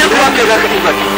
ne kuwa. Ka za ka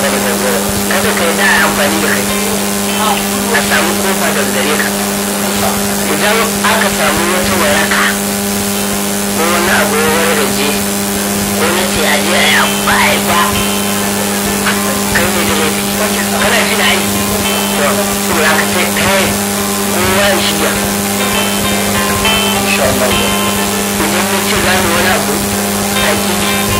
game da zanzara kada ka yi da amfani da kai a samu kofa da gare ka idan aka samu wata waraka ko wani abu ya wargaje ko na ce a je a yi ba a yi ba kai ne da laifi kana ji da aiki to saboda ka sai kai kowa ya shirya insha Allah idan mun ce za mu wani abu a gidi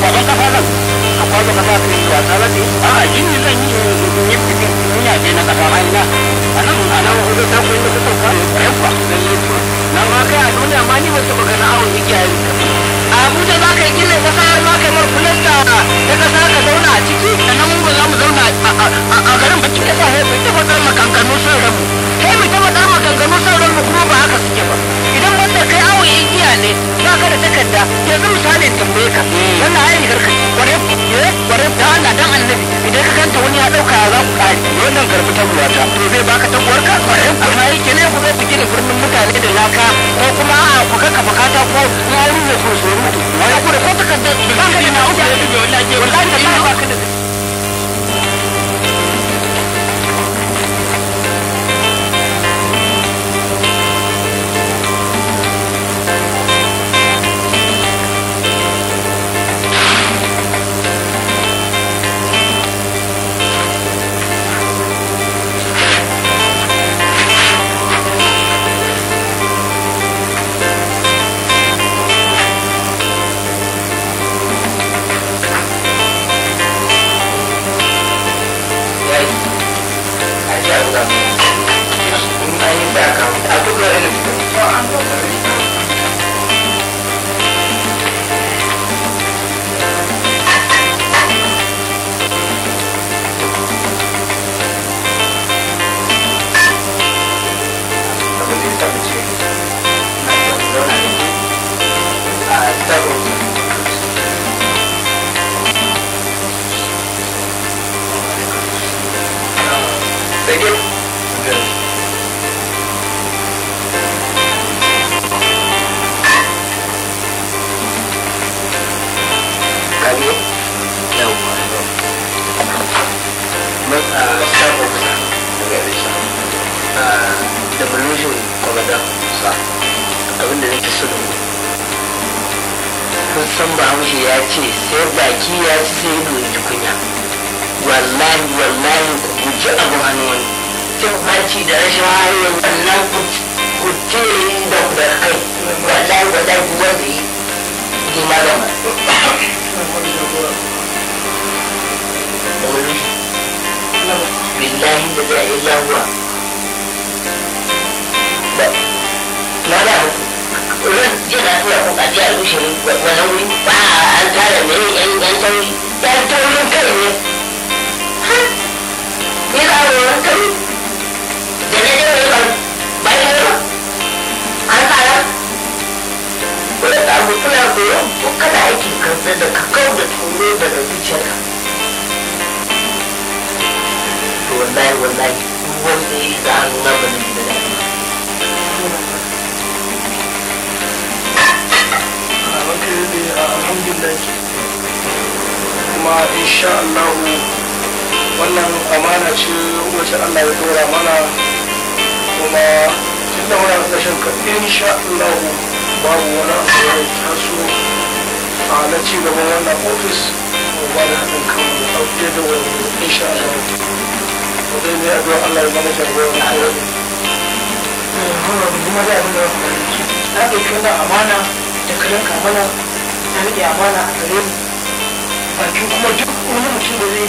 Baba kafa nan. wanda ka sa kai da tsara ce a a yin yi zan yi yin bikin duniya ce na kasa ma ina a nan a nan wanda ta koyi da ta sauka rafa da yi na ma kai a duniya ma ni wata baka na awon igiya yi a abuja za ka yi gina kasa har ma kai mar kulasta da kasa ka zauna a ciki A sannan mun ba za mu zauna a garin baki kasa ya fi tabbatar makanganu sun rabu kai mu tabbatar makanganu sun rabu kuma ba haka suke ba idan da kai awo iya ne ba ka da takarda yanzu misali tambaye ka wannan yi karfi kwarai kwarai eh, da Allah dan annabi idan ka kanta wani ya dauka za ku kare wannan karfi ta ta to zai baka ta ka kwarai amma yake ne ku zai gina birnin mutane da laka ko kuma a ku kaka bukata ko yi ku wani ku da ko takarda ba ka da wallahi ba ka da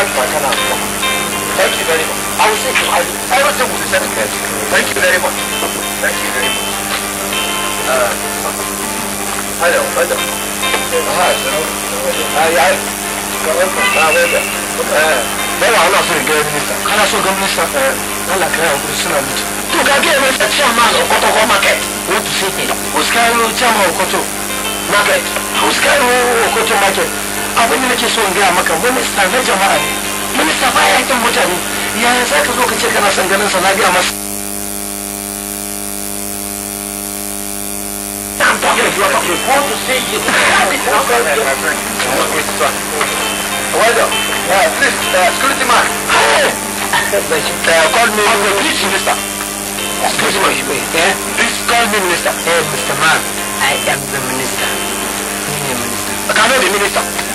transfer thank you very much i will see you i will see you. thank you very much thank you very much uh, hello hello aha hello ayi ayi ah welcome bẹ́ẹ̀ wà lọ́sọ̀ ìgbẹ́ mínísítà kálá sọ gẹ́ mínísítà ẹ̀ lálàkẹ́ ọkùnrin sínú àbújá. tó ká gé ẹ̀rọ ṣe chairman of kotoko market wọ́n ti ṣe pé òsìkárò chairman of koto market òsìkárò okoto market abin da nake so in gaya maka minista na jama'a ne minista ba ya haƙƙin mutane yaya za ka zo ka ce kana son ganin sa na gaya masa Welcome. Uh, please, uh, security man. Hey! uh, call me. On the beach, mister. Excuse me. Yeah? Please call me minister. Hey, Mr. Man, I am the minister. I am the minister. I cannot be minister.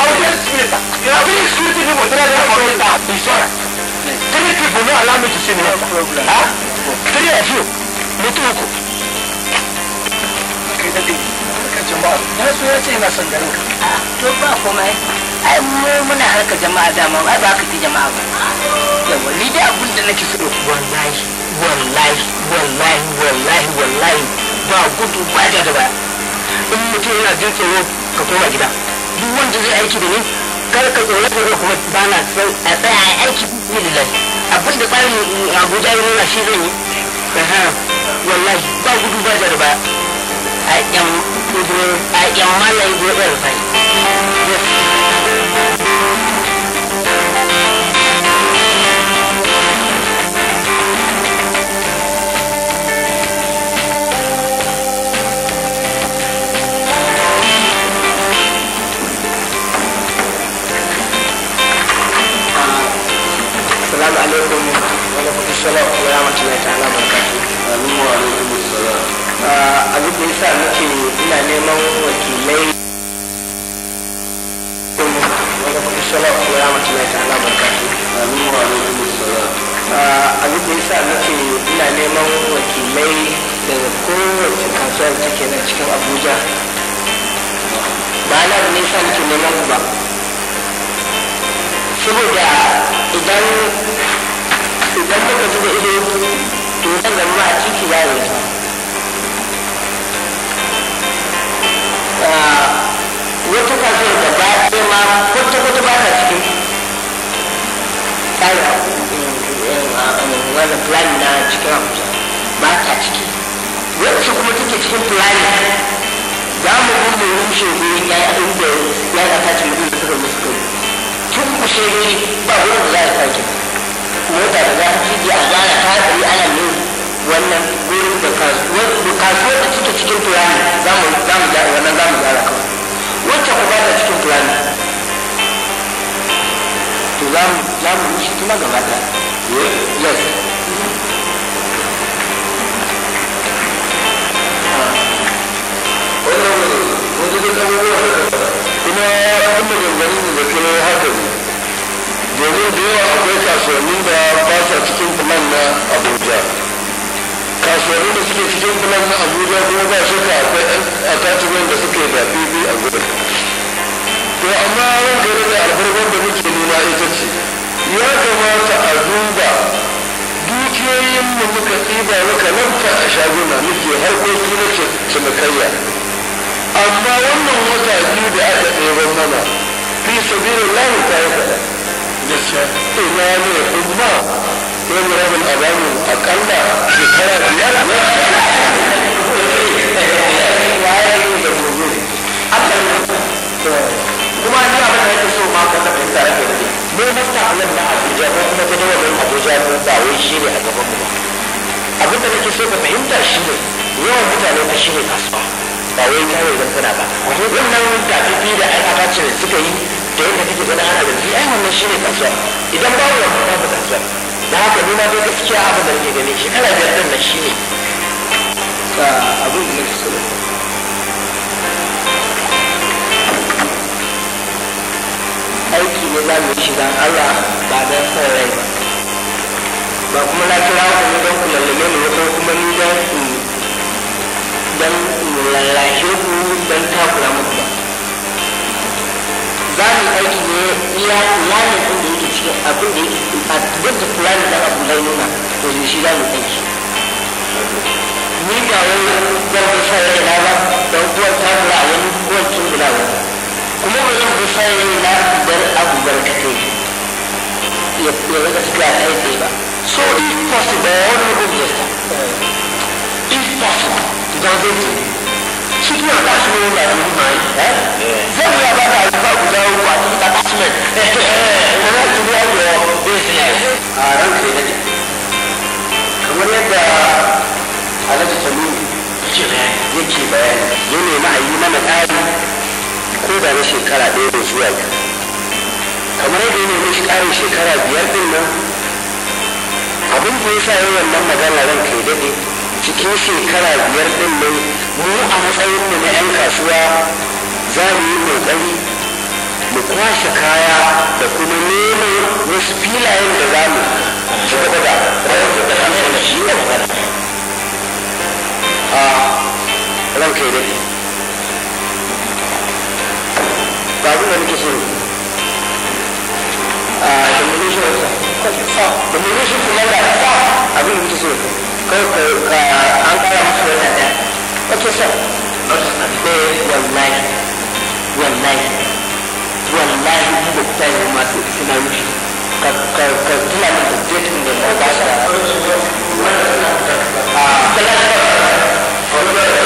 our dear spirit, you are being security people that are not going to insurance. Three people not allow me to see the problem. Huh? Three of you, Mutuku. Okay, that is. Na so ya ce ina son garin To ba komai. Ai mu muna harkar jama'a dama ai ba ka ci jama'a ba. Yawa ni dai abin da nake so wallahi wallahi wallahi wallahi wallahi ba gudu ba da gaba. In mutum yana jin tsoro ka koma gida. duk wanda zai aiki da ni kar ka tsoro tsoro kuma ba na a tsaya a aiki billahi abin da tsarin abuja ya nuna shi zan yi wallahi ba gudu ba jarba a yan malam gobe rufai alaikum wa rahmatullahi wa rahmatullahi neman wa rahmatullahi wa rahmatullahi ta'ala barakatuh amin wa alaikum assalam ah, abin da yasa nake ina neman ah, ba ba saboda idan idan kuka zuba ido to zan ga ruwa a titi ya yi ah, wata kasuwar da ba ɗaya ma kwata-kwata ba ta cikin tsarin eh, eh, eh, wannan fulani na cikin abuja ba ta ciki wacce kuma take cikin fulani za mu gudu rushe gurin ya yi abin da ya yi a tashin mutum da suka musu kai tun kushe ba wurin da za a sake mota da za ta fiti a gyara ta tsari ana ne wannan gurin da kasuwar ta take cikin turani za mu gyara wannan za mu gyara kawai wacce ku ta cikin turani to za mu za mu shi kuma gaba ta yes kuma abin da ganganin da ke haka ne domin da yawa akwai kasuwanni da ba sa cikin plan na abuja kasuwanni da suke cikin filan na abuja kuma ba ka akwai attachment da suke da a gurin to amma ran gari da albarkar da muke nuna ita ce ya kamata a duba dukiyoyin mu muka ɗiba muka lanta a shaguna muke harkoki na cinikayya amma wannan wata biyu da aka ɗeban mana fi sabirin ta yi kaɗan a ina ne kuma sai mu rabin abami akalla shekara biyar ne kuma ni abin da yake so ma ka ta fahimta da kai ne masta alam na abuja ko kuma ta dawo mai abuja ne ba wai shi ne a gaban mu ba abin da nake so ka fahimta shi ne yawan mutane ba shi ne kasuwa ba wai kawai don kana ba wannan tafifi da aikata ce suka yi da yadda kake gani ana da ai wannan shine kasuwa idan babu wannan babu kasuwa da haka ni ma dai gaskiya abin da nake gani shekara biyar din nan shine ka abin da nake so aiki ne za mu shiga Allah ba dan san rai ba ba kuma na kira ku ne don ku lallame ni ko kuma ni don ku don ku lallashe ku don takura muku ba za mu aiki ne iya a ɗin da yake cikin abin da a duk da planning ɗin abu da nuna to ne shi za mu aiki ni ba wai zan bi sarari yi ba don kuwan ta bula wani kuwan kin bula wani kuma ba zan bi sarari na bar abu barkatai ya rika tafiya kai tsaye ba so if possible wani rubin jesta if possible to zan zai cikin ba su ne na dubu mai zan ya ba da ba guda uku a cikin attachment da na tuni ya biyo business a ran kai da kamar yadda alhaji tamimi yake bayani ya nemi a yi mana tsari ko da na shekara ɗaya da zuwa biyu kamar yadda ya nemi shi ƙarin shekara biyar ɗin nan abin da ya sa yawan nan magana ran kai daɗe cikin shekara biyar ɗin nan mu a matsayin mu na 'yan kasuwa za mu yi kokari mu kwashe kaya da kuma nemo wasu filayen da za mu ci da kwayar da kasar da shi ne a ranka yi daɗi ba abin da so a demolition demolition kuma da abin da muke so kawai an kara musu Okay, sir. Eh, wallahi. Wallahi. Wallahi, da da da da.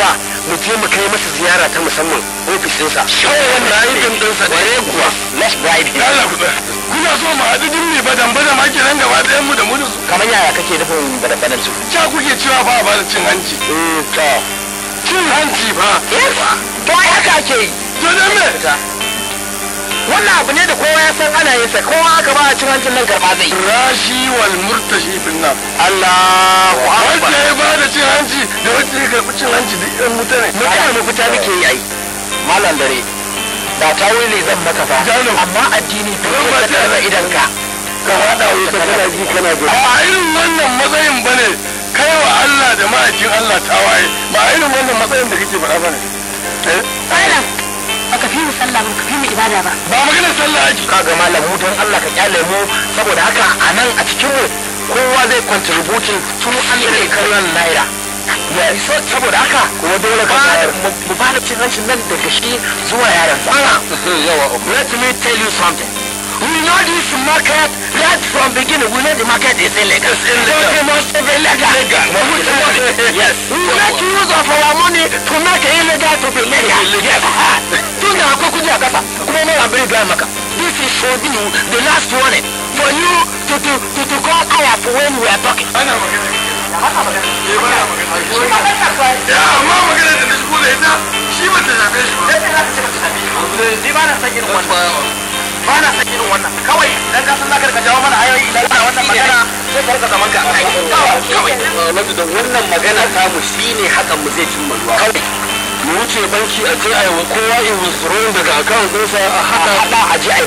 yawa mu je mu kai masa ziyara ta musamman ofisinsa. Shawarar na yi dindinsa da ya kuwa. Let's bribe him. Yala ku Kuna so mu haɗu din ne badan badan ma kenan gaba ɗayan mu da mu da su. Kamar yaya kake nufin badan badan su? Ca kuke cewa ba ba da cin hanci. Eh to. Cin hanci ba. Yes. To ai haka ke yi. To dan me? Wannan abu ne da kowa ya san ana yin sa kowa aka ba a cin hancin nan karɓa zai. Rashi wal murtashi finna. Allahu akbar. Wanda ya ba da cin hanci da wacce ya karɓi cin hanci duk yan wuta ne na kama mafita nake yi malam dare da ta wuli zan maka fa amma addini ka yi ta tsara idan ka ka haɗa wuta kana ji kana gani a irin wannan matsayin ba ne kai wa Allah da ma'aikin Allah tawaye ba a irin wannan matsayin da kake faɗa ba ne eh? malam baka fi mu sallah baka fi mu ibada ba ba magana sallah ake ka ga malam mu dan Allah ka kyale mu saboda haka a nan a cikin mu kowa zai tun an 200 karan naira saboda haka kuma dole ka mu ba da cin hancin nan daga shi zuwa yaran sa yawa let me tell you something we know this market right from beginning we know the market is illegal so they must be Illegal. yes we make use of our money to make illegal to be legal yes tun da akwai kudi a kasa kuma mara bari gaya maka this is for you the last warning for you to to to, call ayah for when we are talking magana ka magana shi da ko da shi ba ta shi ba ka ta ba na wannan kawai dan ka jawo mana da wannan magana sai ka rika zaman kawai hakan mu zai cimma ruwa kawai mu wuce banki a je a yi kowa in daga akawun ɗinsa a haɗa a ji a yi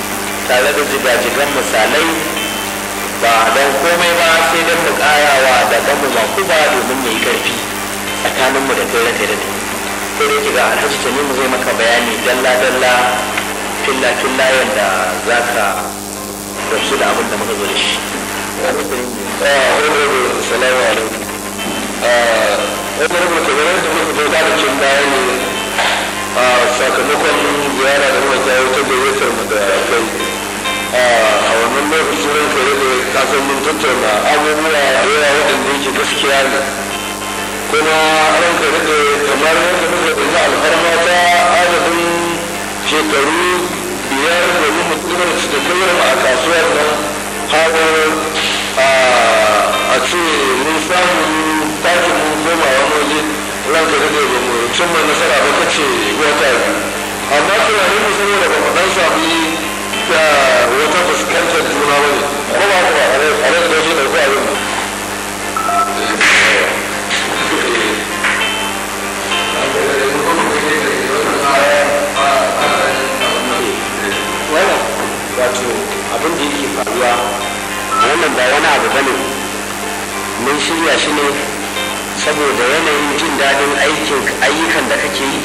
tare da jigajigan misalai ba don komai ba sai don mu karawa da ɗanmu ba domin mai karfi tsakaninmu da kai ranka da ni sai da kiga alhaji mu zai maka bayani dalla dalla filla filla yadda za ka rasu da abin da muka zo da shi Assalamu alaikum. Ah, wani rubuta kamar yadda muka zo da cin bayani a ah, sakamakon ziyara da muka kawo ta gayyatar mu da kai a wannan lokaci ran ka yi da kasan mun tattauna abubuwa da yawa waɗanda yake gaskiya ne kuma ran ka da kamar yadda muka ɗauki alfarma ta adadin shekaru biyar da yi mutumar su da kawai a kasuwar nan har a ce mun samu takin mun koma wani waje ran ka da ba mu cimma nasara ba kace wata biyu amma tunanin mu saboda ba mu ɗan sami da wata fuskantar juna ba ne ko ba a a nan da shi ɗauki abin wannan wato abin da yake faruwa wannan ba wani abu bane mun shirya shi ne saboda yanayin jin daɗin aikin ayyukan da kake yi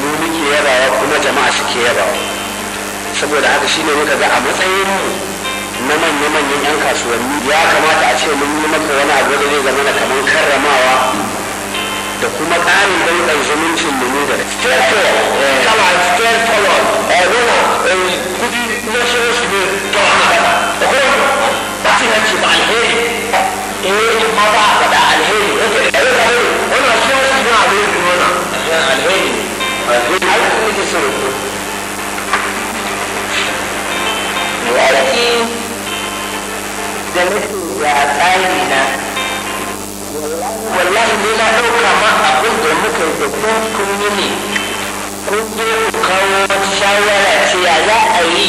mu muke yabawa kuma jama'a suke yabawa saboda haka shine muka ga a matsayin na manyan manyan 'yan kasuwanni ya kamata a ce mun yi maka wani abu da zai zama na kamar karramawa da kuma ƙarin daukan zumuncin mu da straight forward kama a yana kudi na shirin shi ne to haka da kuma ba cin hanci ba alheri eh ma ba a faɗa alheri wanda ya yi kare wannan shirin shi ne alheri ne wannan alheri alheri alheri ne ke sauran yarki da nake da tsari na wallahi ne na ɗauka ma abin da muka da kun yi ne kun je ku kawo shawara ce ya za a yi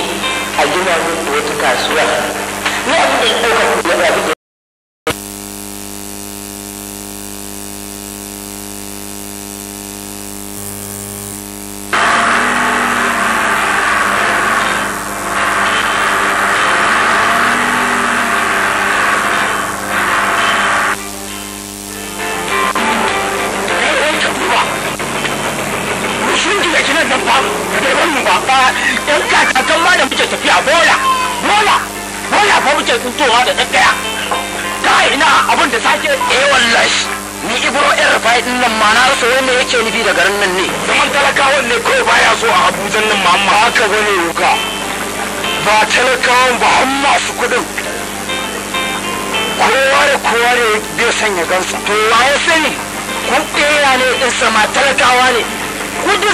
a gina muku wata kasuwa ni abin da ya ɗauka ku yaba abin muke tafiya bola bola bola fa muke tsintowa da daddaya kai ina abin da sake eh wallahi ni ibro ɗin rufai ɗin nan ma na rasa wanda yake nufi da garin nan ne zaman talakawan ne kawai baya so a abuja nan ma amma haka bane ruka ba talakawan ba har masu kuɗin kowa da kowa ne bai sanya gansa to wa sani kun ɗaya ne ɗin sama talakawa ne kun duk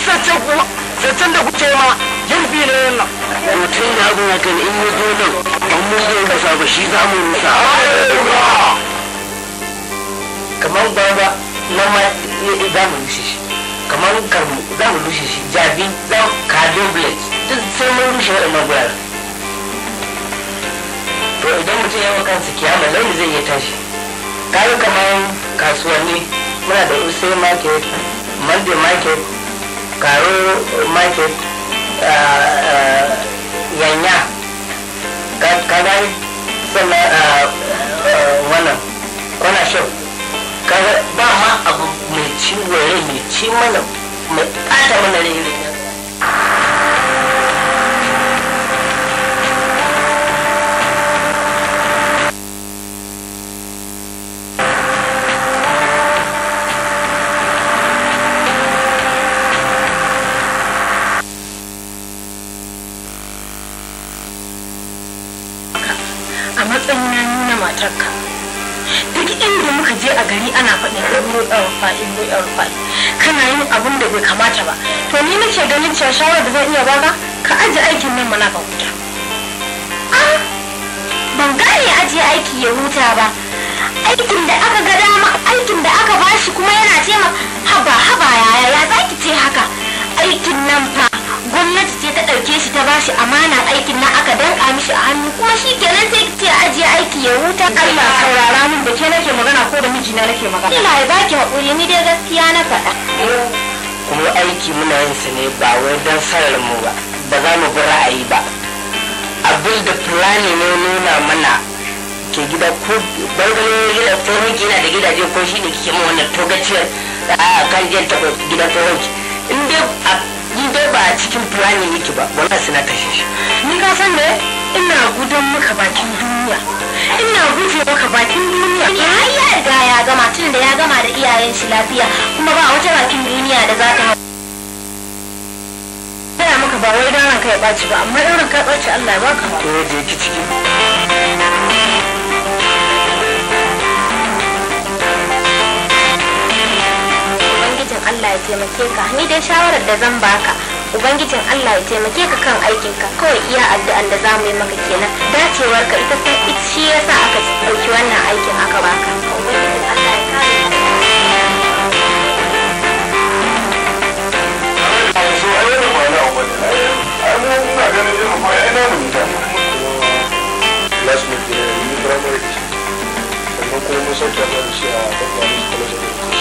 zancen da kuke ma yarfi ne yan nan mutum da abin ya kan in yi donan an mun zai rusa ba shi za mu rusa kamar gwamba na ma za mu rushe shi kamar karmu za mu rushe shi jabi za mu kajin blade duk sai mun rushe waɗannan guraren to idan mutum ya yawa kansa kiyama launi zai iya tashi kayan kamar kasuwanni muna da usai market monday market karo market yanya ka gani sannan wannan kwana shan ba ma abu mai ciwo rai mai ci mana mai ƙata mana rai rai matarka duk inda muka je a gari ana faɗin ruɗa rufa'i ruɗa rufa'i kana yin abin da bai kamata ba to ni nake ganin cewa shawarar da zan iya baka ka aje aikin nan mana ka huta ban gane aje aiki ya huta ba aikin da aka ga dama aikin da aka bashi kuma yana cewa haba haba yaya ya zaki ce haka aikin nan fa gwamnati ce ta ɗauke shi ta bashi amana aikin na aka danka mishi a hannu kuma shi kenan sai ce ajiye aiki ya huta Allah saurara min da ke nake magana ko da mijina nake magana ina ya baki haƙuri ni dai gaskiya na faɗa kuma aiki muna yin sa ne ba wai don sarar mu ba ba za mu bi ra'ayi ba abin da fulani ne nuna mana ke gida ko bangaren gida tsohon yana da gidaje ko shi ne kike ma wannan togaciyar a kan jiyar gidan tsohon in dai ni dai ba a cikin planning yake ba wala suna kashe shi ni ka san ne ina gudan maka bakin duniya ina guje maka bakin duniya ya ya riga ya gama tun da ya gama da iyayen shi lafiya kuma ba wata bakin duniya da za ta hau maka ba wai dan ranka ya ɓaci ba amma dan ranka ya ɓaci Allah ya baka to da yake cikin Allah ya taimake ka ni dai shawarar da zan baka ubangijin Allah ya taimake ka kan aikin ka kawai iya addu'an da zamu yi maka kenan dacewar ka ita ta shi yasa aka ɗauki wannan aikin aka baka ubangijin ya a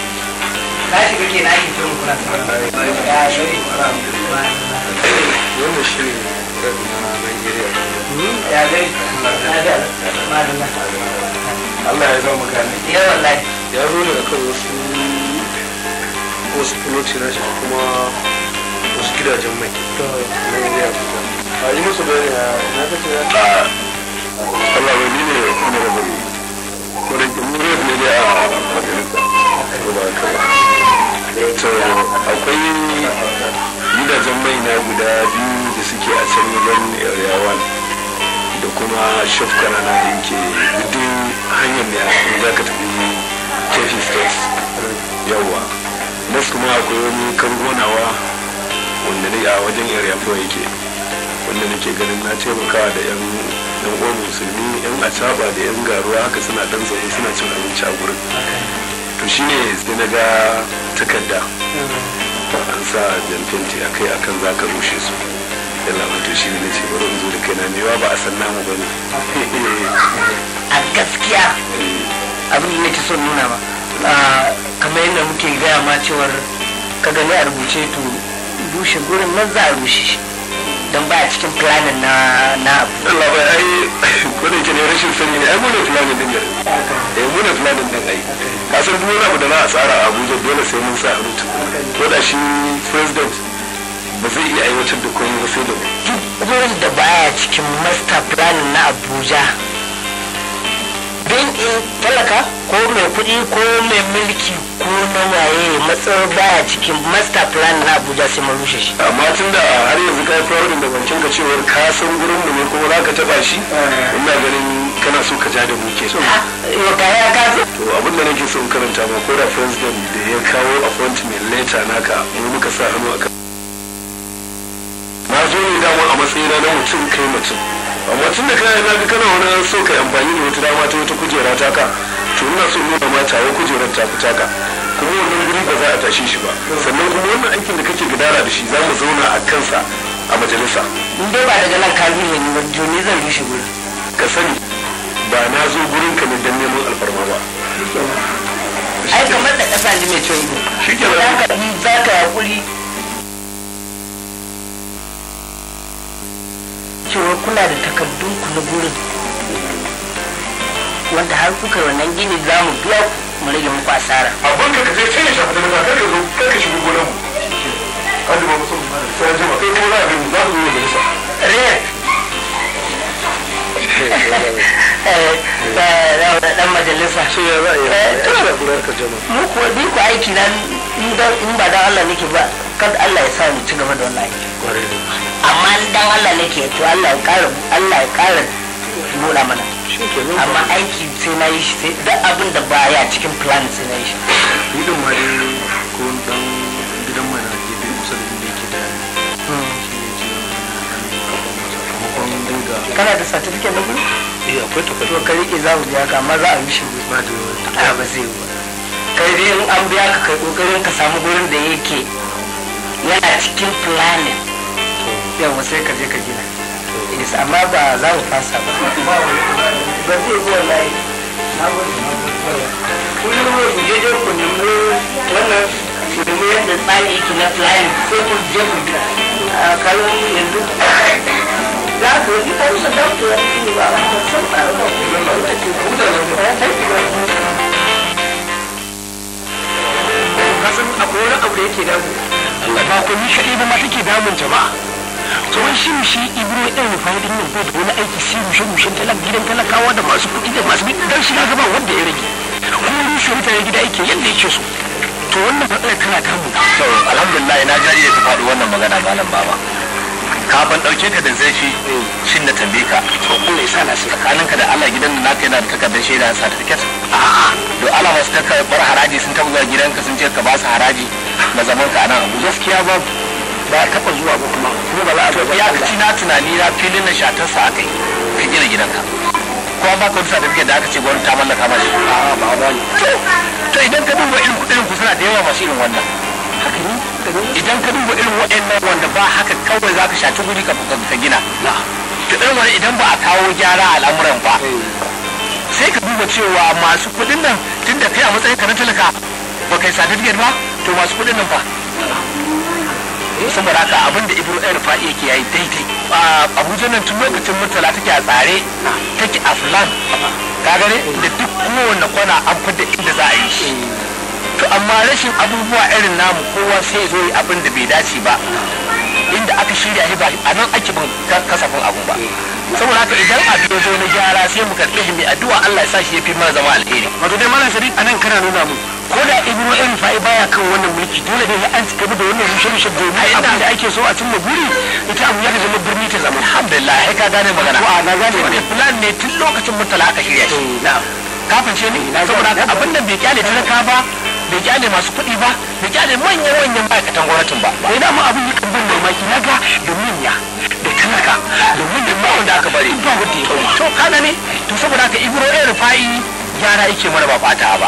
na shiga ke na yin kirin kuna ya zai wannan shi ne na nigeria hmm? ya zai na da madalla Allah ya ba mu ya wallahi ya zo daga kan wasu wasu kuloci na shi kuma wasu gidajen mai nigeria a yi musu bayani na kace ya Allah bai ne da rabari ko da ke akwai gidajen mai na guda biyu da suke a can wajen area one da kuma shafkana na yanke gudun hanyar ne a za ka tafi kefi state yawa nas kuma akwai wani kargonawa wanda ne a wajen area 4 yake wanda nake ganin na taimakawa da yan yan uwan musulmi yan acaba da yan garuwa haka suna dan zaune suna cin abinci a gurin to shine sai na ga takarda an sa jan fenti a kai akan za ka rushe su yalla wato shi ne na ce bari in zo da na mewa ba a san namu ba ne a gaskiya abin da ke son nuna ba kamar yadda muke gaya ma cewar ka gani a rubuce to rushe gurin nan za a rushe shi don baya cikin planin na na Allah bai ai wani ke ne rashin sani ne ai mu ne planin din ne eh mu ne planin din ai ka san duk wani abu da za a tsara a Abuja dole sai mun sa rutu ko da shi president ba zai iya aiwatar da komai ba sai da mu duk da baya cikin master plan na Abuja don in talaka ko mai kuɗi ko mai mulki ko na waye matsar baya cikin master plan na abuja sai mun rushe shi amma tun da har yanzu ka fi da bancin ka cewar ka san gurin da ne kuma za ka taɓa shi eh. ina ganin kana so ka ja da buke so ah, eh, ya ka to abin da nake so in karanta ma ko da president da ya kawo appointment letter naka mu muka sa hannu akan na zo ne dama a matsayina na mutum kai mutum amma tun da kayan na kana wani so ka amfani da wata dama ta wata kujera ta ka to ina so nuna ma tawo kujerar ta fita ka kuma wannan guri ba za a tashe shi ba sannan kuma wannan aikin da kake gudana da shi za mu zauna a kansa a majalisa in dai ba daga nan ka zuwa ne ba to ne zan yi shi gurin ka sani ba na zo gurin ka ne dan neman alfarma ba ai kamar da kasa ne mai ciwo shi ke za ka hakuri cewa kuna da takardun ku na gurin wanda har kuka wannan gini za mu biya mu rage muku asara abin da ka je sai shafa shafi daga kar ka zo kar ka shigo gonan mu kaji ba musu sai ya ba kai ko za a bi mu za ku zo da nisa da dan majalisa shi ya za a mu kuwa bi ku aiki na in ba dan Allah nake ba kada Allah ya sa ni ci gaba da wannan aiki amma dan Allah nake to Allah ya kara Allah ya ƙara nuna mana amma aiki sai na yi shi sai duk abin da baya cikin plan sai na yi shi kana da certificate na gudu eh akwai takardu to rike za mu biya ka amma za a yi shi ba da a ah, ba zai ba kai dai in an biya ka kai kokarin ka samu gurin da yake yana cikin planning yawa sai ka je ka gina yes amma ba za mu fasa ba ba zai ah, zo layi. na kullum mu kasan akwai wani abu da yake damu Allah ba ku ni kaɗai ba ma take damun ta jama'a to wai shi shi ibro ɗan rufa'idin nan ko da wani aiki sai rushe rushen talak gidan talakawa da masu kuɗi da masu bidan shiga gaba wanda ya rage Ko kuma rushe mutane gida yake yadda yake so to wannan matsalar tana damu to alhamdulillah na jari da ta faɗi wannan magana ba nan ba ba. kafin ɗauke ka da shi, shin na tambaye ka to Allah ya sa na sai tsakaninka da Allah gidan da na kai da takardar shaida certificate a'a to Allah masu bar haraji sun taɓa zuwa gidanka sun ce ka ba su haraji na zaman ka nan gaskiya ba ba taɓa zuwa ba kuma kuma ba za a ga ya kaci na tunani na filin na shatar sa aka yi ka gina gidanka ko an baka wani certificate da aka ce gwamnati ta mallaka ma shi a'a ba ba to to idan ka duba irin kuɗin ku suna da yawa masu irin wannan idan ka duba irin waɗannan wanda ba haka kawai za ka shaci guri ka gina to irin idan ba a kawo gyara al'amuran ba eh. sai ka duba cewa masu kuɗin nan tun da kai a matsayin ka na talaka ba kai certificate ba to masu kuɗin nan ba saboda haka abin da ibro ɗaya rufa yake yayi daidai abuja nan tun lokacin murtala take a tsare take a fulan ka gane eh. da duk kowane kwana an fadda inda za a yi shi eh. to amma rashin abubuwa irin namu kowa sai zo yi abin da bai dace ba inda aka shirya shi ba a nan ake bin kasafin abu ba saboda haka idan a biyo zo na gyara sai mu karɓi shi mai addu'a Allah ya sa shi ya fi mana zama alheri wato dai malam sadiq anan kana nuna mu ko da ibnu irin fa'i baya kan wannan mulki dole ne an gaba da wannan rushe-rushe domin abin da ake so a cimma buri ita abu ya zama birni ta zama alhamdulillah sai ka gane magana ko a na gane ne plan ne tun lokacin mutala aka shirya shi eh, na'am kafin ce ne eh, saboda haka abin nan bai kyale talaka ba bai kyale masu kuɗi ba bai kyale manyan manyan ma'aikatan gwamnatin ba bai da mu abin yakan bin maki na ga da manya da talaka da manyan ba wanda aka bari ba wanda ya bari to kana ne to saboda haka ibro ɗaya rufa'i gyara yake mana ba bata ba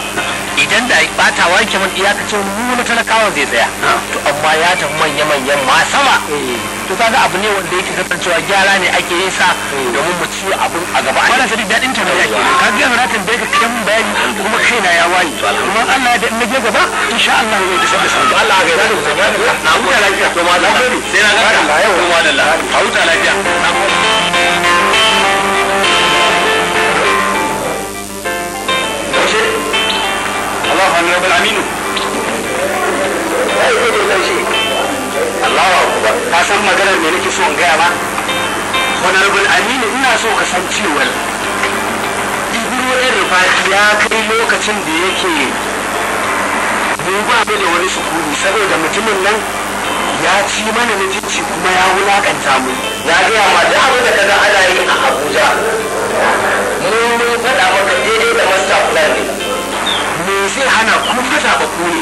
idan da batawa yake mana iyakacin mu na zai tsaya to amma ya tafi manya-manyan ma sama eh. to kaga abu ne wanda yake kasancewa gyara ne ake yi sa domin mu ci abun a gaba wannan sadi dadin ne yake ka ga na da ka kan bayani kuma kaina ya waye kuma Allah ya da na je gaba insha Allah zai isa da sabbi Allah ya ga na huta lafiya to ma da sai na ga Allah ya huta lafiya a huta lafiya na Allah Honorable Aminu. Allahu ka san maganar me nake so in gaya ma honorable aminu ina so ka san cewar ibro ɗin ya kai lokacin da yake mu ba da wani sukuni saboda mutumin nan ya ci mana mutunci kuma ya wulakanta mu ya gaya ma duk abin da ka ga ana yi a abuja mun mun faɗa maka daidai da master plan ne me zai hana kun faɗa ba ne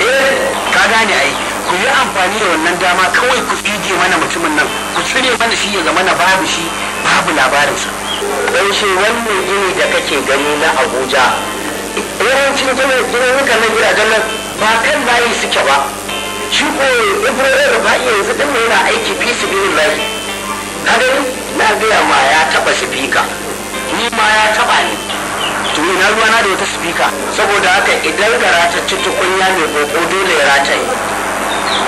eh ka gane aiki. ku yi amfani da wannan dama kawai ku tsige mana mutumin nan ku cire mana shi ya zama na babu shi babu labarinsa don shi wannan gini da kake gani na abuja yawancin ginin na gidajen nan ba kan layi suke ba shi ko ibrahim iya yanzu din yana aiki fi su biyun layi kaga na gaya ma ya taɓa sifika ni ma ya ne. ni to ina na da wata sifika saboda haka idan ka cikin tukunya mai ƙoƙo, dole ya rataye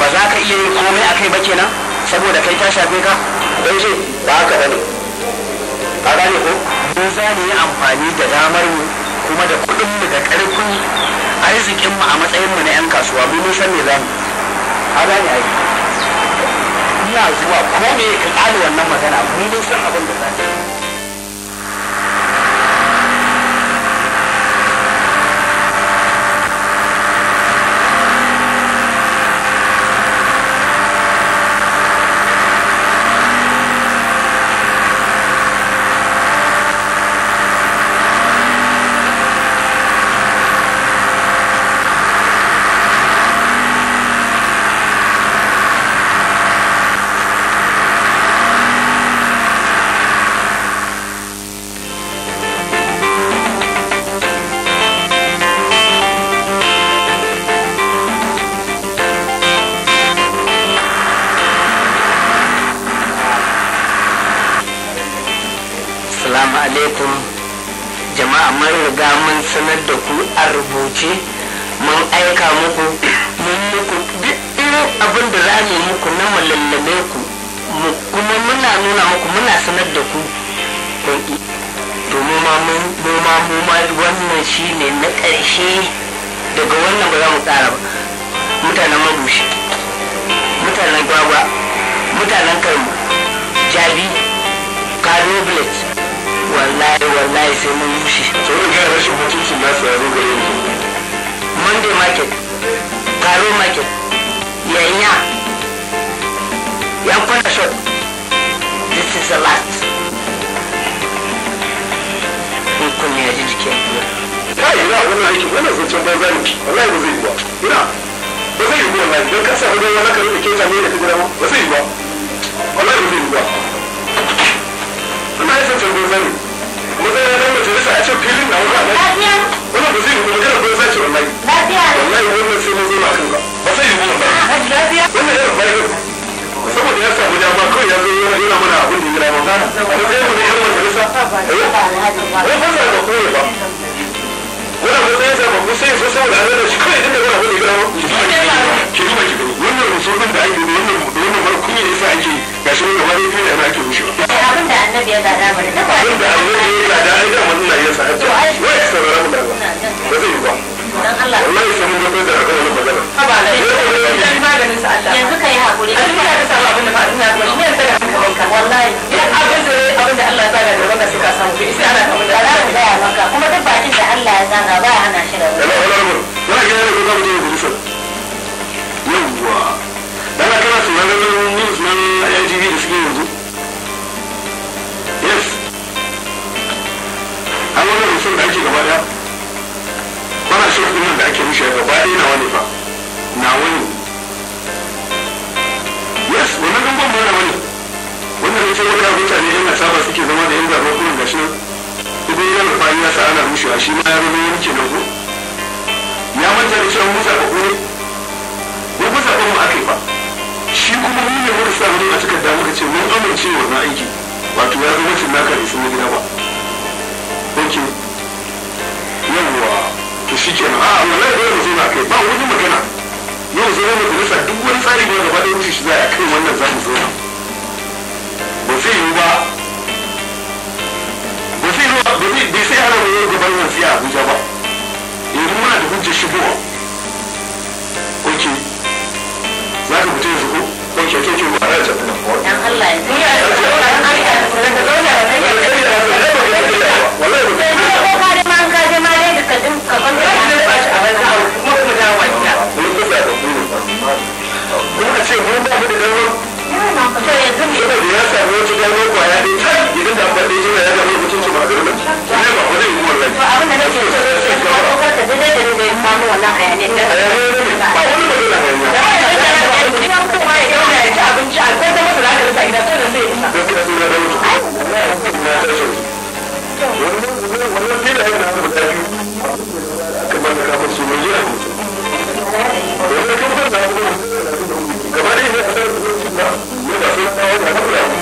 ba za ka iya yi komai a kai ba kenan saboda kai ta shafe ka don shi ba haka bane a gane ko mun za mu yi amfani da damar mu kuma da kuɗin mu da ƙarfin arzikin mu a matsayin mu na yan kasuwa mu mun san me za mu a gane ai ina zuwa ko me ka ƙale wannan magana mun san abin da za ka yi roblet wallahi wallahi sai mun mushi to da gane rashin mutuncin nasu ya zo gare ni monday market karo market yanya yankuna shop this is the last in kun ya ji jikin ya yi na wani aiki wani zancen banza ne wallahi ba zai yi ba ina ba zai yi ba wallahi don kasa wani wani karin da ke zame da ta gida ba zai yi ba wallahi ba zai yi ba suna yi zancen gurza ne matsayin dan majalisa a ce filin na wuka ne wannan ba zai yi kuma ko gurza ce wallahi wallahi wannan sai mun zo na kan ba zai yi wannan wannan irin bayan saboda ya samu dama kawai ya zo yana yana mana abin da ya gina mana a da ɗaya mu ne yan majalisa eh? wai ba sa ga kowa ba wannan matsayin sa ba ku sai so saboda an zana shi kawai inda yana abin a ya gina mana ki duba ki gani wannan musulmin da ake da wannan wannan mara kunya yasa ake ga shi gaba da kai da ake rushewa abin da annabi ya gada bane da ba abin da annabi ya gada ai da mun na yasa hajji wai sabara mun da ba zai yi ba dan Allah wallahi sai mun ga da rabu wannan magana ha ba lai maganin sa Allah yanzu kai hakuri a cikin ka samu abin da ba ina ba shi ne sai ka wanka wallahi idan abin da abin da Allah ya zaga da wanda suka samu ki sai ana kamun da Allah ya zaga kuma duk bakin da Allah ya zaga ba ana shi da wani wani wani wani wani wani zuwa daga kana sauraron news nan a ITV da suke yanzu yes an wani rusun da ake gaba daya kwana shi kudin da ake rushe gaba daya na wani fa na wani yes wannan gangon mu yana wani wannan ita wata mutane yan saba suke zama da yan zaba kuma gashi nan idan yana da bayan ya sa ana rushewa shi ma ya zama wani kenan ko ya manta da cewa musa ka kuma sakamakon aka yi ba shi kuma ni ne muka sa hannu a takarda muka ce mun amince wa na aiki wato ya zama cin naka da sun gida ba ok yawwa to shi kenan a wallahi dole mu zauna kai ba wani magana yau zama sa duk wani tsari ne gaba ɗaya rushe shi za a kai wannan za mu na ba zai yiwu ba ba zai yiwu ba bai sai ana mai yau gaban nan tsaye a abuja ba yanzu muna da hujjar shigowa ok za ka fito yanzu ko ke ke ke ba da tafi nan ko dan Allah ya ni ya ce ba an ka da da zauna da ne ka da da yi ba ka da wallahi ba ka da ko ka da man ka da ma dai ka din ka ban da ne ba shi a banza kuma kuma da wanda yi ko da ku mun ce mun ba mu da dawo to yanzu ne da ya samu wata dawo kwaya dai ta idan da ban dai ya ga mutunci ba ga mutunci to abin da nake so shi ne wani ne ne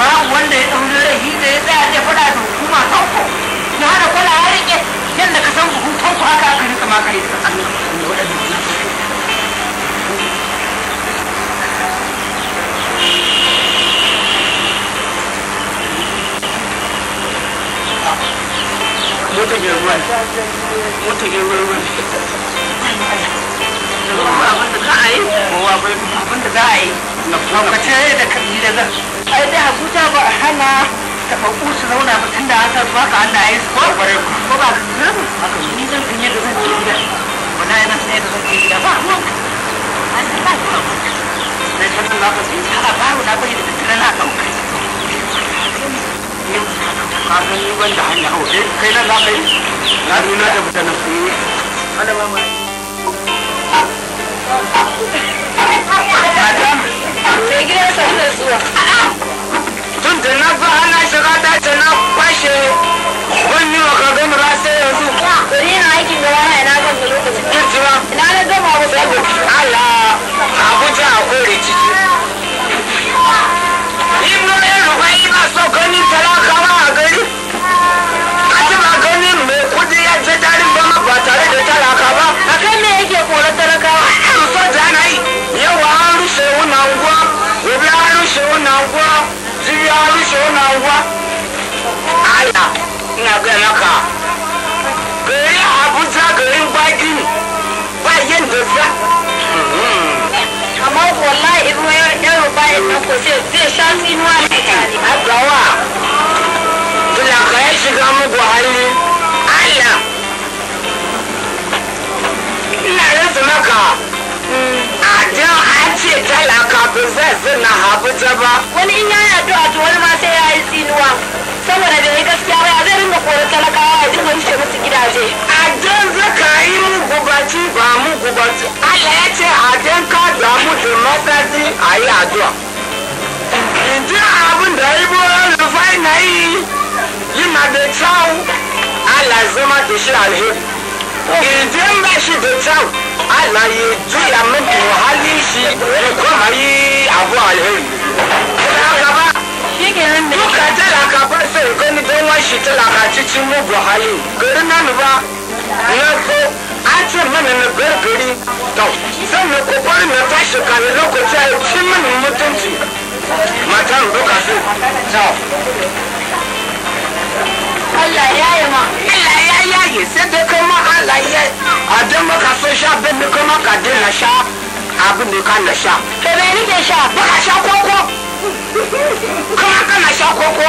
babu wanda ya ɗauri laifi da ya tsaya zai faɗa da hukuma tanko ya hada kwala ya riƙe yadda ka san buhun tanko haka aka rika makare ta Mutu girman, ne girman. Abin da za a yi, abin da za a yi, lokacin da kabila zan ai da Abuja ba a hana su zauna ba tun da an sa Allah yi su ko ba ka ni zan da zan gida yana sanya da zan gida ba ba ka ba ruwa na da na kan kai ka san ban da hanya hau sai eh, kai nan za ka yi na nuna da yi Mai Tun da na fa ana shiga ce na kwashe wani ka gama ba sai ina ba? Abuja ya tare da talaka ba. A me yake koratar na gwa jibi arusha na gwa ala maka gari garin bagin ba yadda za amma wallahi ibu yaro bayan nan ko zai sha tsinuwa ne tare a gawa tulaka ya shiga mugu hali ala ina rasa maka a ce talaka ba zai zina habuja ba wani in yayi addu'a to wani ma sai yi tsinuwa saboda da ya gaskiya ba zai rinka korar talakawa ya dinga rushe musu gidaje adan zaka yi mu gubaci ba mu gubaci Allah ya ce adan ka damu da matsaji a yi addu'a in ji abin da ya boye rufai na yi yana da kyau Allah zama da shi alheri oh. in ji ba shi da kyau ana yi juya mafi hali shi ya kuma yi abu alheri duka talaka ba sai gani don washi talaka cikin mugu hali gari na ba na ko an ce mana na gargari to zan na na tashi kan ci mutunci duka Allah ya yi ma Allah ya yi sai kuma halaye a don maka so sha bin ni kuma ka dina sha abin da ka na sha to me nake sha baka sha koko kuma kana sha koko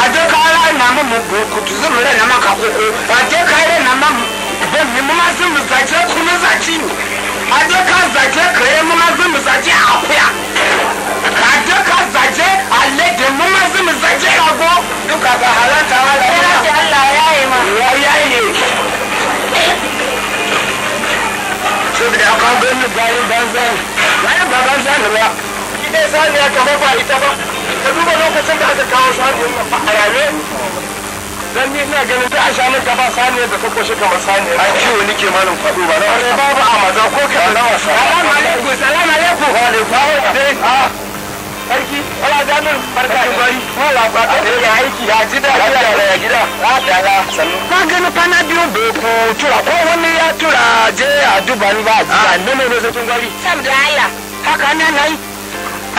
a don ka ala na mu mu kutu zan rena na maka koko a don ka rena na mu bin ni mu ma zan mu zace kuma zaci ne a don ka zace kare mu ma zan mu zace akuya kaza ita saniya kamar ba ita ba ka duba lokacin da aka kawo saniyar ba a rame dan ni ina ganin a shanin ka ba saniyar da ta kwashe kamar saniyar a kiwo nike malam kwado ba na wasa babu a maza ko ka na wasa alaikum alaikum wa alaikum ah. sarki wala barka da da aiki ya ji da ya gida ya da sannu gani kwana biyu bai tura ko wani ya tura je a duba ni ba a ah, ji ne ne ne tun gwari sam da Allah haka ne na yi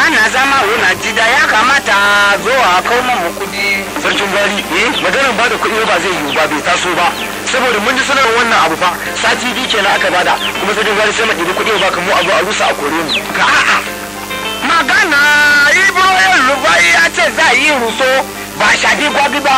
ana zama wuna jida ya kamata zo a kawo mu kudi sarkin gari eh, maganar ba da kuɗi ba zai yiwu ba bai taso ba saboda mun ji sanar wannan abu fa sati biyu kenan aka bada kuma sarkin gari sai mu ɗibi kuɗi ba kan mu a a rusa a kore mu ka a'a magana ibrahim rufai ya ce za a yi ruso ba shafi gwabi ba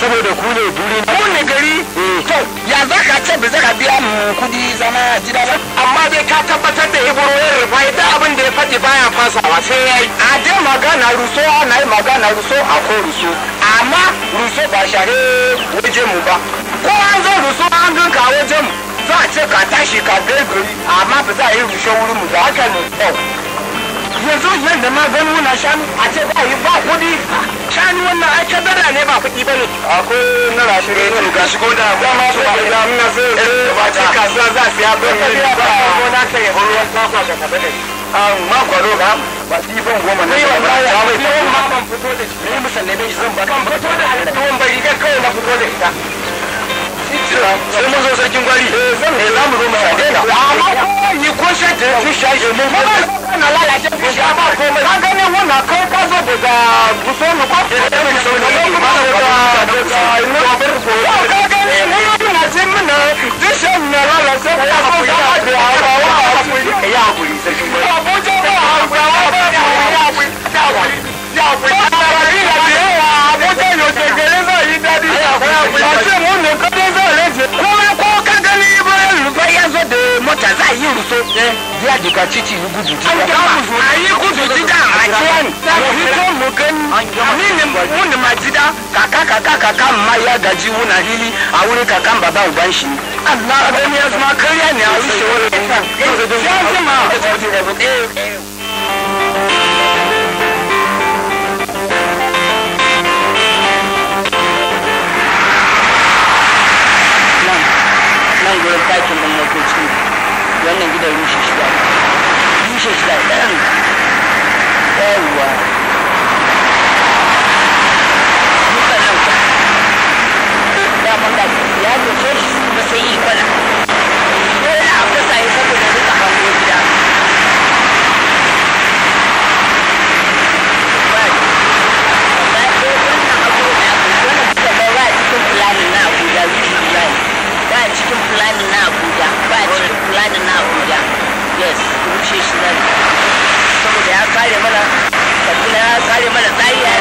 saboda ku ne duri mun ne gari eh. to ya za ka ce ba za ka biya mu kudi zama gida ba amma dai ka tabbatar da ibro ya rufa da abin da ya faɗi baya fasawa sai yayi a dai magana ruso ana yi magana ruso a ko ruso amma ruso ba share waje mu ba ko an zo ruso an ka waje mu za a ce ka tashi ka gari amma ba za a yi rushe wurin mu da haka ne yanzu yanzu ma zan nuna shanu a ce ba yi ba kuɗi shanu wannan ai kadara ne ba kuɗi ba ne. akwai na rashi ne ne ga shigo da ba ma su ba da muna so ba ce kasuwa za su ya don yi ba ko na ta yi ruwan kwakwa da kabe ne. an ma gwado ga ba ɗiban goma ne ba ya mai ban fito da shi ne musan ne bai zan ba ban fito da tuwon ba rigar kawai na fito da ita. sai mun zo sarkin gwari eh zan ne za mu zo mu sade na amma ni ko sai da su sha je mun ba na lalace ku sha ba komai ka gane wannan kai ka zo daga guso mu ko da mun so ne ba da da da ina bar ko ka gane mun mun na ce mun na dishan na lalace ku ko ka da ba wa ya ku sarkin gwari ba ha ba ya ku ya ku za a yi rufe ya daga titi ni gudu ta an gama a yi gudu jida a kiyan wani ko mu gani amini wani ma jida kaka kaka kaka ma ya gaji wuna hili a wurin kakan baba uban shi Allah gani ya zama kariya ne a wuce wani ya zama Thank you. wannan gidan rushe shi da rushe shi da ɗan yawwa shi saboda ya kare mana kaduna ya kare mana tsariya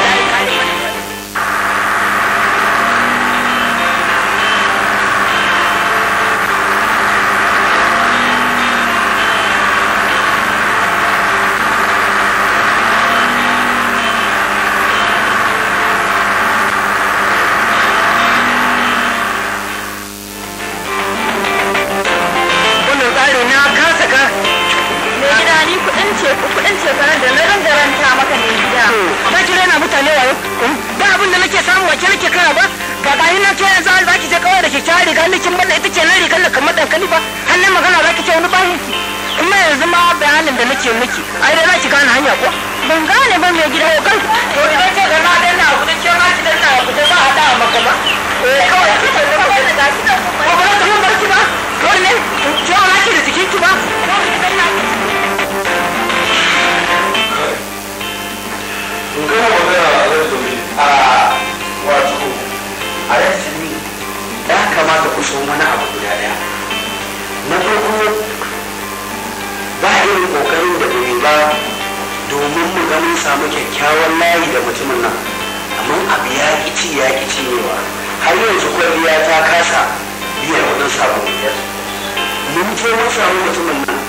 samu mutumin nan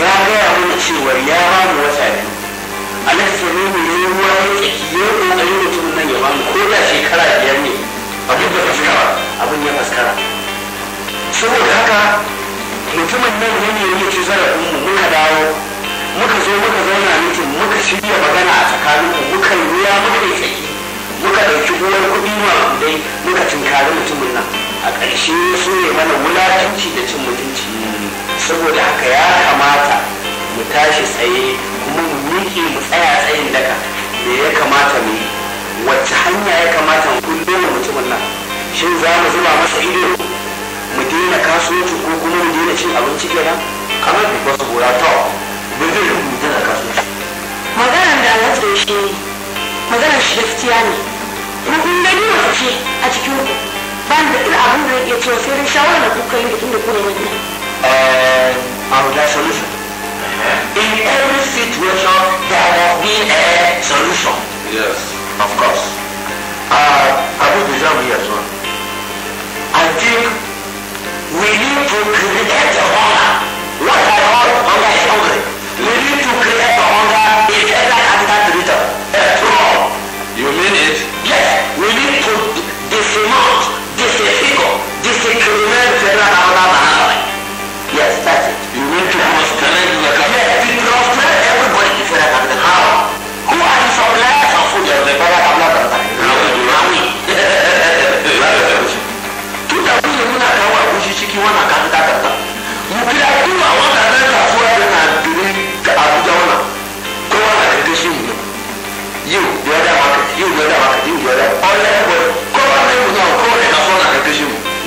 ya gaya mana cewa ya ba mu wata biyu alhaji sami mu ne ruwa ya tsaki ya kokari mutumin nan ya ba mu ko da shekara biyar ne abin da fuskara abin ya fuskara saboda haka mutumin nan ya ne ya ci zarafin mu muka dawo muka zo muka zauna mitin muka shirya magana a tsakanin mu muka yi ruwa muka yi tsaki muka ɗauki gonar kuɗi ma dai muka tunkari mutumin nan a ƙarshe so ya mana wulakanci da cin mutunci saboda haka ya kamata mu tashi tsaye kuma mu miƙe mu tsaya tsayin daga da ya kamata mu yi wacce hanya ya kamata mu kullum mutumin nan shin za mu zuba masa ido mu daina kasuwanci ko kuma mu daina cin abinci kenan kamar da ba su gora ta mu zai yi mu daina kasuwanci maganar da wata tsoro shi maganar shi gaskiya ne mun kun gani ce a cikin ku ban da ina abin da ya ce sai dai shawara da kuka yi da tun da kuma I would like solution. In every situation, there must be a solution. Yes. Of course. Uh, I would deserve here as well. I think we need to create a honor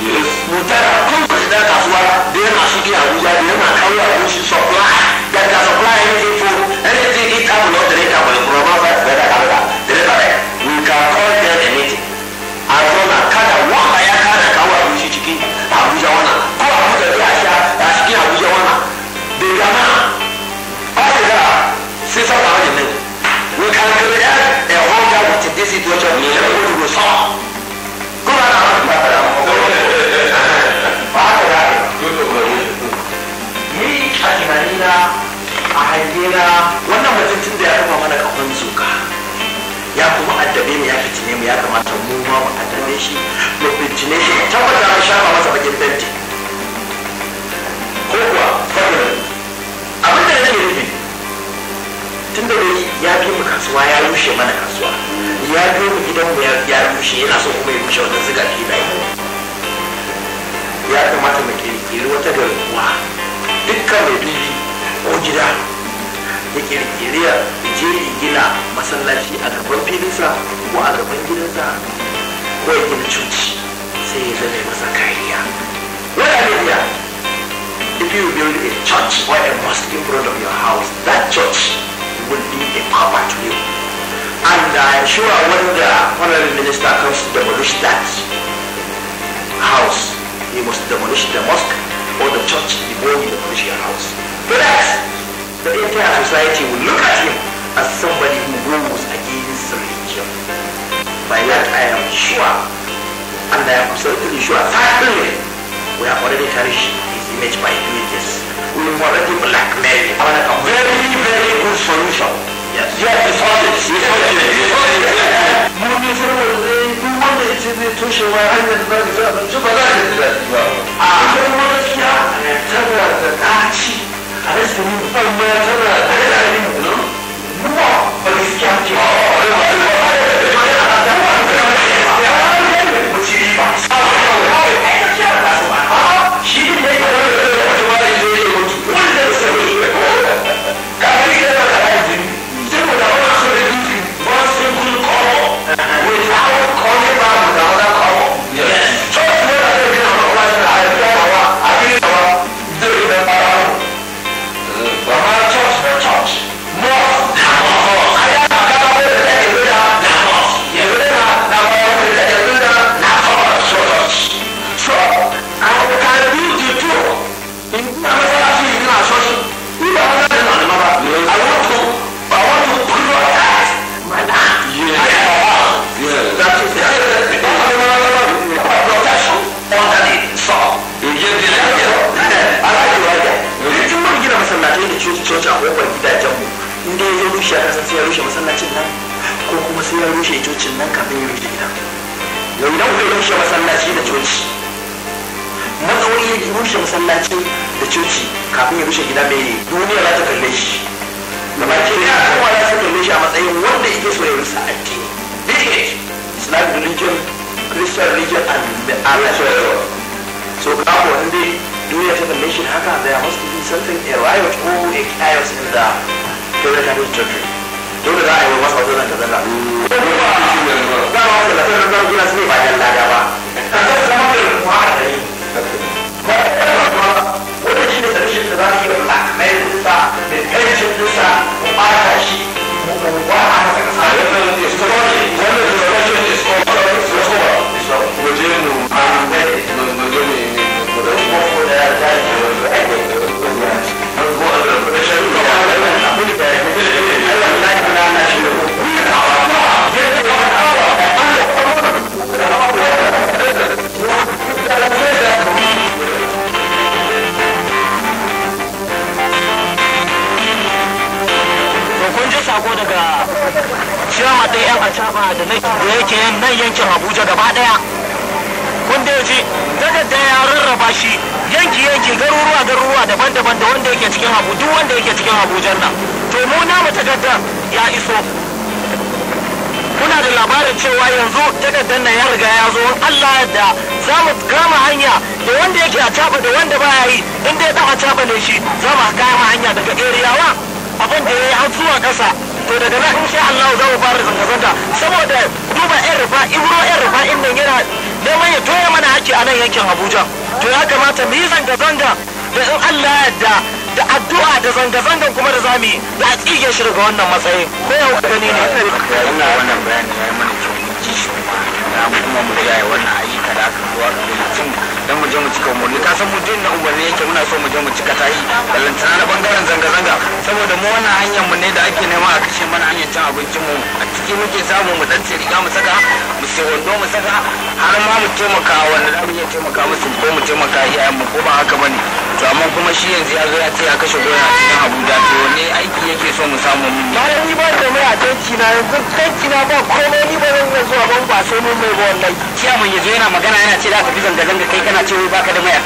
Yes. Mutara, kun da kasuwa da yana Abuja da yana kawo abinci supply ne ya kamata mu ma mu kaddame shi mu bincine shi mu tabbata mu shafa masa bakin fenti ko kuwa fadin abin da nake nufi tun da dai ya bi mu kasuwa ya rushe mana kasuwa ya bi mu gidan mu ya rushe yana so kuma ya rushe wata ziga fi na yi. ya kamata mu kirkiri wata garkuwa dukkan mai fili ko gida ya kirkiri je gina masallaci a gaban filinsa ko a gaban gidansa ko ya gina sai ya zama masa kariya what if you build a church or a mosque in front of your house that church will be a power to you and I am sure when the honorable minister comes to demolish that house he must demolish the mosque or the church before he demolishes your house but that's the entire society will look at him as somebody who goes against religion. By that I am sure, and I am absolutely sure, certainly, we have already tarnished his image by doing this. We have already blackmailed him. a very, very good solution. Yes. Yes, we found it. We found it. We found it. Mun yi wa hanyar Thank you. masallacin nan ko kuma sai ya rushe cocin nan kafin ya rushe gidan yau idan kuka rushe masallaci da coci matsawai ya rushe masallaci da coci kafin ya rushe gida mai duniya za ta kalle shi gaba ce ya kuma za su kalle shi a matsayin wanda yake so ya rusa addini business islam religion christian religion and allah so so wani wanda duniya ta kalle shi haka ya must be something a riot ko a chaos in the Puritanic church dole za a yi masa dole ta zalla za a wanda da zalla gina su ne ba lada ba kasar zama da kuma a tare ba a yi ba wanda shi ne sabishin da za su yi da mai rusa da karshen ba ta shi ba a masa kasa sako daga shirama ɗaya yan acaba da yake yin nan yankin abuja gaba ɗaya kun da daga takarda ya rarraba shi yanki yanki garuruwa garuruwa daban-daban da wanda yake cikin abu duk wanda yake cikin abuja nan to mu na takardar ya iso kuna da labarin cewa yanzu takardar nan ya riga ya zo Allah da za mu kama hanya da wanda yake a caba da wanda ba ya yi inda dai dan a caba ne shi za mu kama hanya daga area 1 abin da ya yi har zuwa ƙasa to daga nan insha Allah za mu fara zanga zanga saboda duba yan rufa ibro yan rufa in nan yana neman ya toya mana haki a nan yankin Abuja to ya kamata mu yi zanga zanga da in Allah ya da addu'a da zanga zangan kuma da zamu yi da a tsige shi daga wannan matsayin ko ya gani ne ina wannan bayani ya mana kyau mu ci shi kuma mu ga wannan ayyuka da aka zuwa ga cin don mu je mu cika umarni ka san mu na umarni yake muna so mu je mu cika tashi balantana na bangaren zanga-zanga saboda mu wannan hanyar mu ne da ake nema a kashe mana hanyar cin abincin mu a ciki muke samu mu dan riga mu saka mu sai wando mu saka har ma mu taimaka wanda za mu iya taimaka musu ko mu taimaka iyayen mu ko ba haka bane to amma kuma shi yanzu ya zo ya ce ya kashe gona a cikin Abuja to ne aiki yake so mu samu mu bayan ni ba da mai a tanki na yanzu tanki na ba komai ni ba zan zuwa ban ba sai mu mai ba wallahi ciyaman yanzu yana magana yana ce za ka fi zanga-zanga kai kana a ce baka da mai a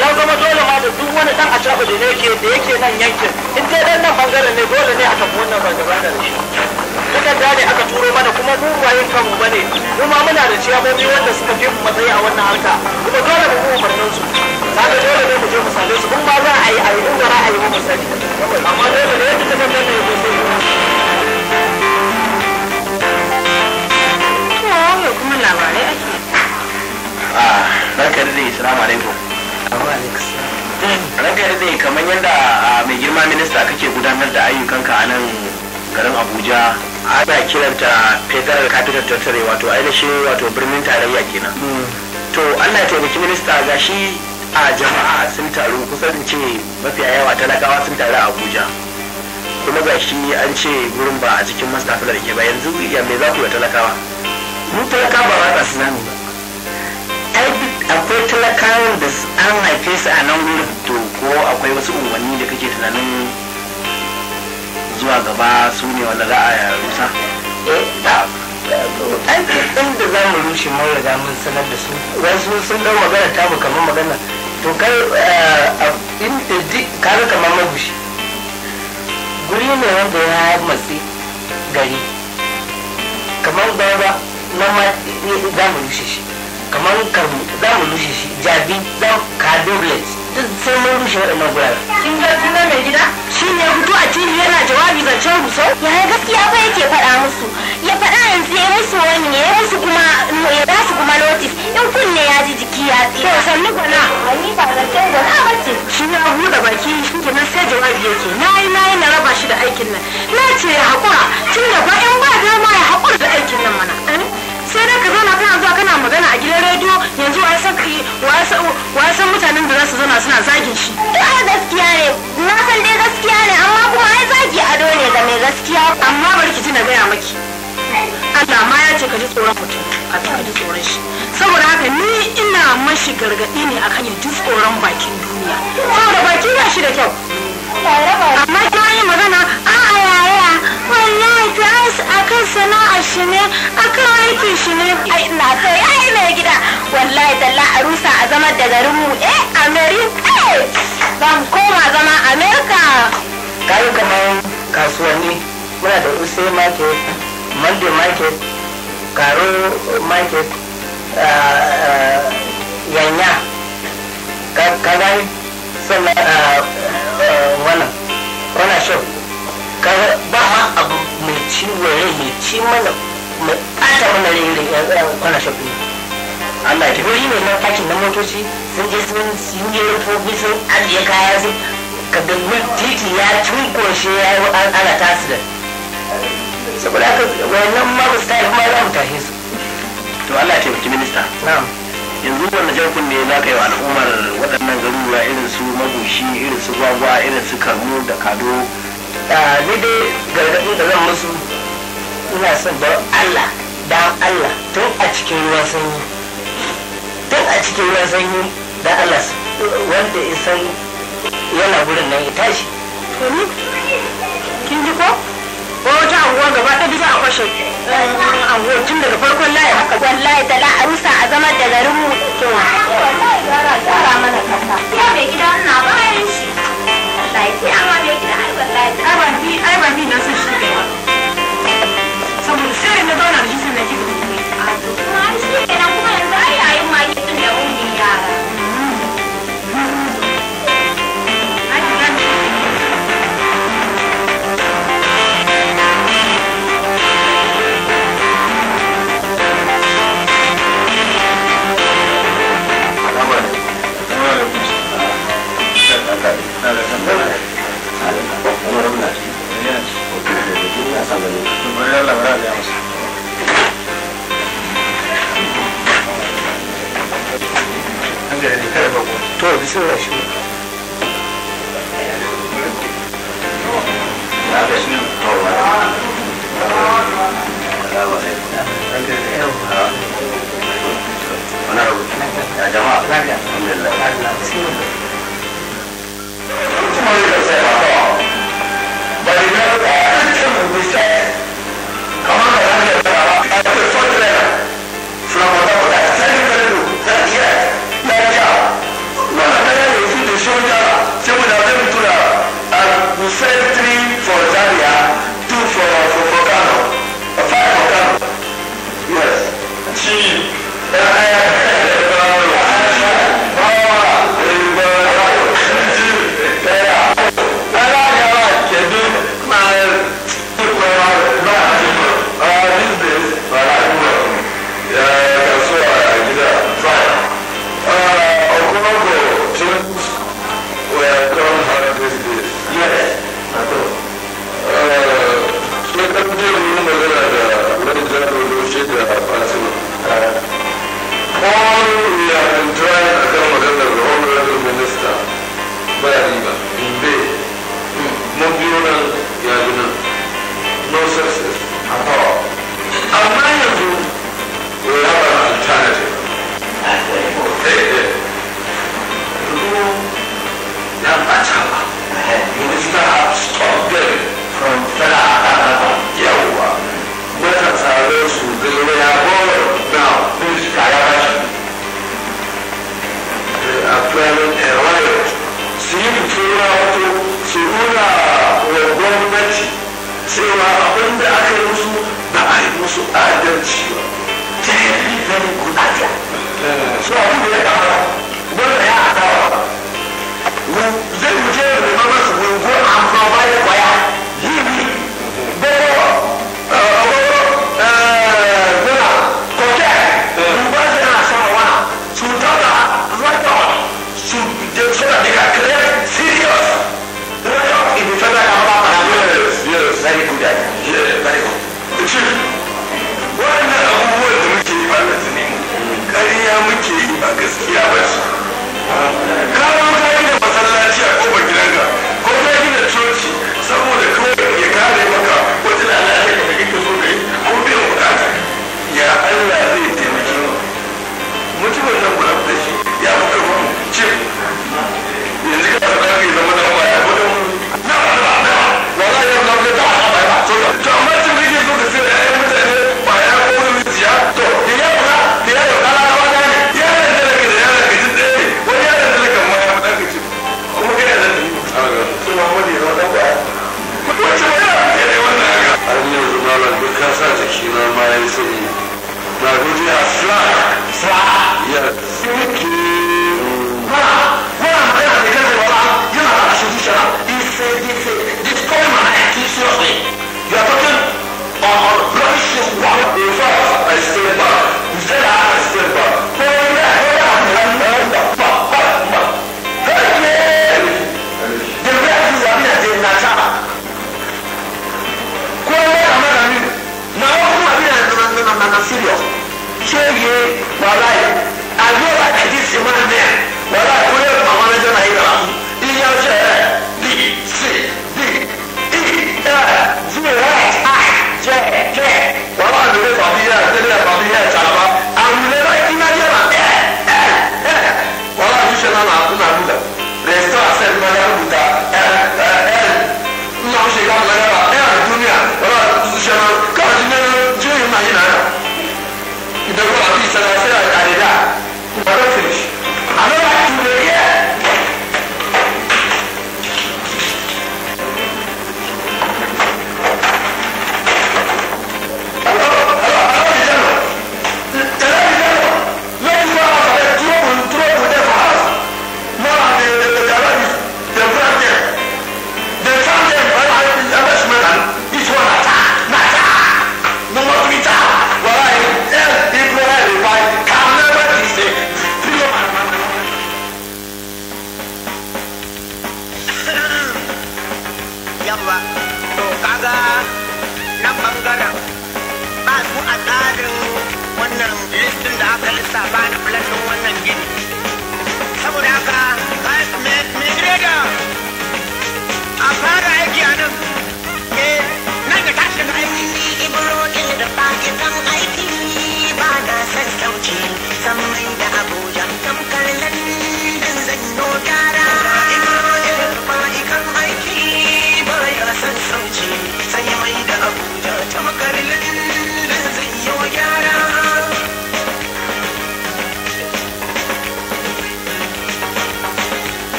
ya zama dole ma da duk wani dan a da ne yake da yake nan yankin in dai dan nan bangaren ne dole ne a tafi wannan bangaren da shi duka da ne aka turo mana kuma mu wayin kanmu bane mu ma muna da ciyamomi wanda suka fi mu matsayi a wannan harka kuma dole mu umarnin su sai dole ne mu je mu sale su kuma za a yi a yi in za a mu sani amma dole ne yadda ta nan ne mu sai kuma labarai ake Ah, ranka da zai salamu alaikum ranka da zai kamar yadda ah, mai girma minista kake gudanar da ayyukanka a nan garin abuja ana kiranta federal capital tattare, wato ainihin wato birnin tarayya kenan hmm. to allah ya taimaki minista ga shi a jama'a sun taru kusan ce mafi yawa talakawa sun taru a abuja kuma ga shi an ce gurin ba a cikin masu tafi da ke ba yanzu ya me za ku da talakawa Mun talakawa ba za su zamu ba akwai talakawan da an haife su a nan wurin to ko akwai wasu unguwanni da kake tunanin zuwa gaba su ne wanda za a rusa Eh, da za mu rushe mun riga mun sanar da su wasu sun dau magana ta mu kamar magana to kai eh, inda eh, duk kaga kamar magushi guri ne wanda ya matsi gari kamar ba na ma eh, za mu rushe shi kamar karbu za mu rushe shi jabi za kadoblet duk sai mun rushe waɗannan guraren. kin ga kina mai gida shi ne fito a cikin yana jawabi can rusau yaya gaskiya ba yake faɗa musu ya faɗa yanzu ya musu wani ya musu kuma ya ba su kuma notis in kunne ya ji jiki ya tsira. to sannu gwana Wani ba zancen gwana ba ce. shi ya buɗe baki shi ke nan sai jawabi yake na yi na yi na raba shi da aikin nan na ce ya haƙura tun da ba in ba dama ya haƙura da aikin nan mana. Eh? sai dai ka zauna kana zuwa kana magana a gidan rediyo yanzu wa san kai wa san mutanen da za su zauna suna zagin shi ai gaskiya ne na san dai gaskiya ne amma kuma ai zagi ado ne da mai gaskiya amma bari ki ji gaya maki Allah ma ya ce ka ji tsoron mutum ka ka ji tsoron shi saboda haka ni ina mashi gargaɗi ne akan ya ji tsoron bakin duniya saboda baki ya shi da kyau amma kuma yin magana a'a yaya wallahi ta aisa akan sana'ar shi ne akan aikin shi ne ai na kai ai mai gida wallahi talla a rusa a zama da garin mu eh america eh koma zama america kai kamar kasuwanni muna da usai market monday market karo market ah, ci mana mu ata mana ririn yan uwan kwana shafi Allah ya wuri ne na fakin na motoci sun je sun yi rufofi sun ajiye kaya sun ka da titi ya tunkoshe ya yi ana tasu da saboda haka wannan ma ba su tafi ma za mu tafi su to Allah ya taimaki minista na'am yanzu wanda jan kunne za ka yi al'ummar waɗannan garuruwa irin su mabushi irin su gwagwa irin su karmu da kado ah, ni dai gargaɗin da zan musu ina son don Allah da Allah tun a cikin ruwan sanyi tun a cikin ruwan sanyi da Allah wanda san yana gurin nan ya tashi kin ji ko ko wata anguwa gaba ta duka a kwashe anguwa tun daga farkon layi haka wallahi da la a rusa a zama da garin mu kin wa wallahi gara tsara mana kasa ya bai gida na bayan shi Allah ya ce amma bai gida ai wallahi ai ban fi ai ban fi na su shi ba irin na zauna da shi sannan kika tafi a da ungin hankali ne kada bako to bismillah shi From another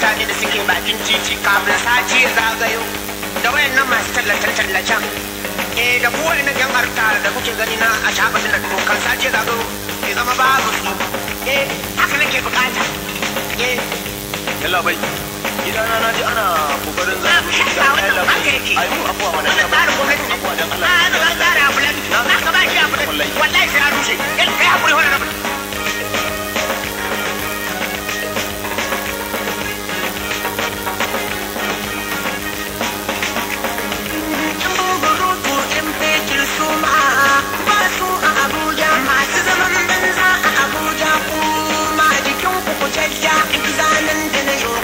mutane da suke bakin titi kafin sati ya zagayo da nan masu tallace-tallacen e da ku na yan harta da kuke gani na a shafin da dokar sati ya zagayo ya zama babu su e haka nake bukata e yalla gidana na ji ana kokarin za su shi da kayan labari ayi mu afuwa mana ya bari dan Allah ah, na ga tsara abulan na ka ba shi abulan wallahi sai a rushe in kai hakuri wannan Jaja, ich bin ein Dinosaurier.